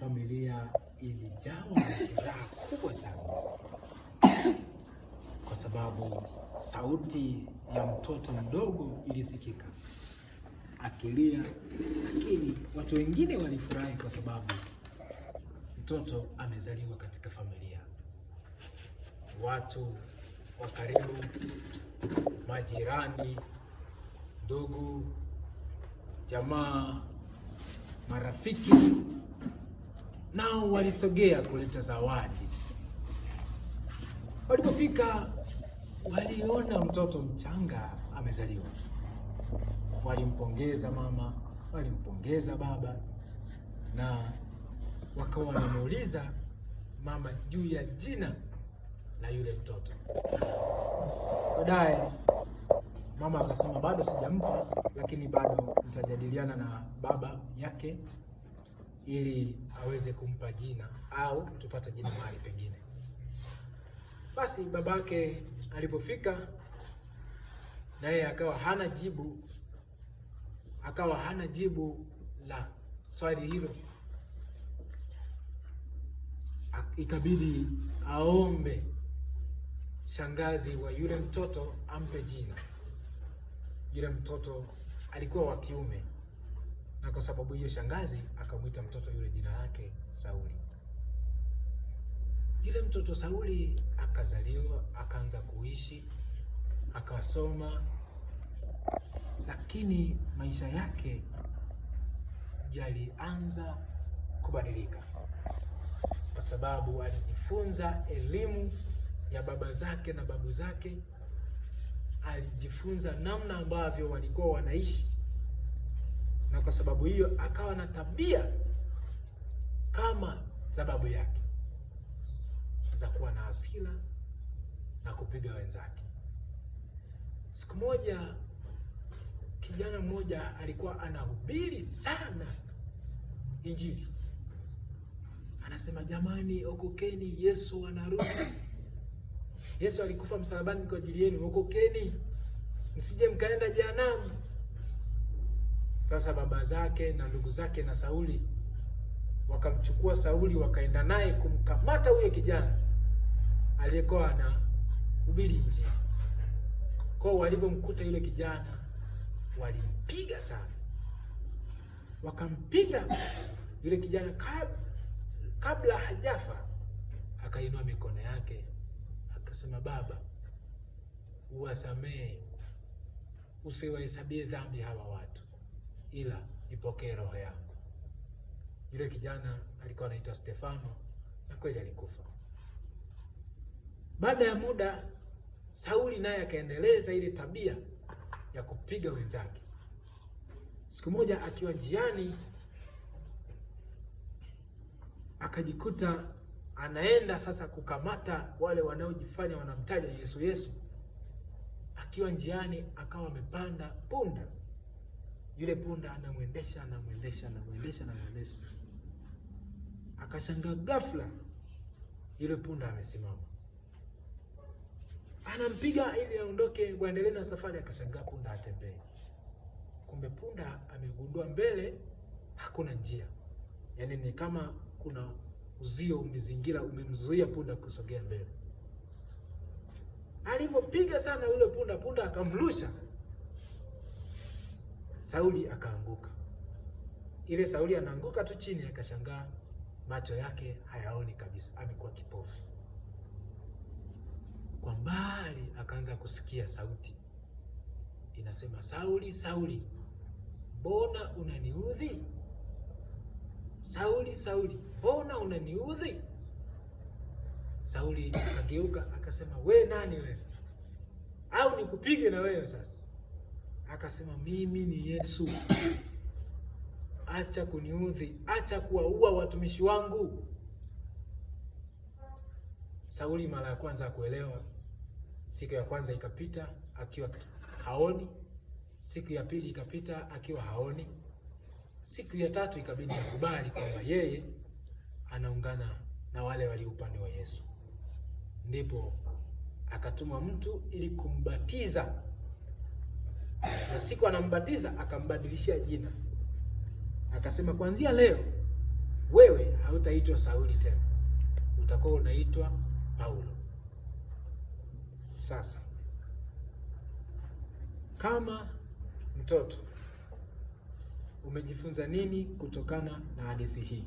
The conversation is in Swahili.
familia ilijawa na furaha kubwa sana, kwa sababu sauti ya mtoto mdogo ilisikika akilia, lakini watu wengine walifurahi kwa sababu mtoto amezaliwa katika familia. Watu wa karibu, majirani, ndugu, jamaa, marafiki nao walisogea kuleta zawadi. Walipofika waliona mtoto mchanga amezaliwa. Walimpongeza mama, walimpongeza baba, na wakawa wanamuuliza mama juu ya jina la yule mtoto. Baadaye mama akasema bado sijampa, lakini bado nitajadiliana na baba yake ili aweze kumpa jina au tupate jina mahali pengine. Basi babake alipofika na yeye akawa hana jibu, akawa hana jibu la swali hilo, ikabidi aombe shangazi wa yule mtoto ampe jina. Yule mtoto alikuwa wa kiume na kwa sababu hiyo shangazi akamwita mtoto yule jina lake Sauli. Yule mtoto Sauli akazaliwa, akaanza kuishi, akasoma, lakini maisha yake yalianza kubadilika kwa sababu alijifunza elimu ya baba zake na babu zake, alijifunza namna ambavyo walikuwa wanaishi na kwa sababu hiyo akawa na tabia kama sababu yake za kuwa na hasira na kupiga wenzake. Siku moja kijana mmoja alikuwa anahubiri sana Injili, anasema jamani, okokeni, Yesu anarudi. Yesu alikufa msalabani kwa ajili yenu, okokeni, msije mkaenda jehanamu. Sasa baba zake na ndugu zake na Sauli wakamchukua Sauli, wakaenda naye kumkamata huyo kijana aliyekuwa anahubiri nje. Kwa walipomkuta yule kijana walimpiga sana, wakampiga yule kijana kab, kabla hajafa akainua mikono yake akasema, Baba uwasamehe, usiwahesabie dhambi hawa watu ila ipokee roho yangu. Yule kijana alikuwa anaitwa Stefano na kweli alikufa. Baada ya muda, Sauli naye akaendeleza ile tabia ya kupiga wenzake. Siku moja akiwa njiani akajikuta anaenda sasa kukamata wale wanaojifanya wanamtaja Yesu Yesu. Akiwa njiani akawa amepanda punda yule punda anamwendesha, anamwendesha, anamwendesha, anamwendesha. Akashangaa ghafla yule punda amesimama. Anampiga ili aondoke waendelee na safari, akashangaa punda atembee. Kumbe punda amegundua mbele hakuna njia, yaani ni kama kuna uzio umezingira, umemzuia punda kusogea mbele. Alipopiga sana yule punda, punda akamrusha Sauli akaanguka. Ile Sauli anaanguka tu chini, akashangaa macho yake hayaoni kabisa, amekuwa kipofu. Kwa mbali akaanza kusikia sauti inasema, Sauli, Sauli, mbona unaniudhi? Sauli, Sauli, mbona unaniudhi? Sauli akageuka akasema, we nani wewe? Au nikupige na wewe sasa? akasema mimi ni Yesu, acha kuniudhi, acha kuwaua watumishi wangu. Sauli mara ya kwanza akuelewa. Siku ya kwanza ikapita akiwa haoni, siku ya pili ikapita akiwa haoni, siku ya tatu ikabidi akubali kwamba yeye anaungana na wale walio upande wa Yesu. Ndipo akatuma mtu ili kumbatiza na siku anambatiza akambadilishia jina, akasema kuanzia leo wewe hautaitwa Sauli tena, utakuwa unaitwa Paulo. Sasa kama mtoto umejifunza nini kutokana na hadithi hii?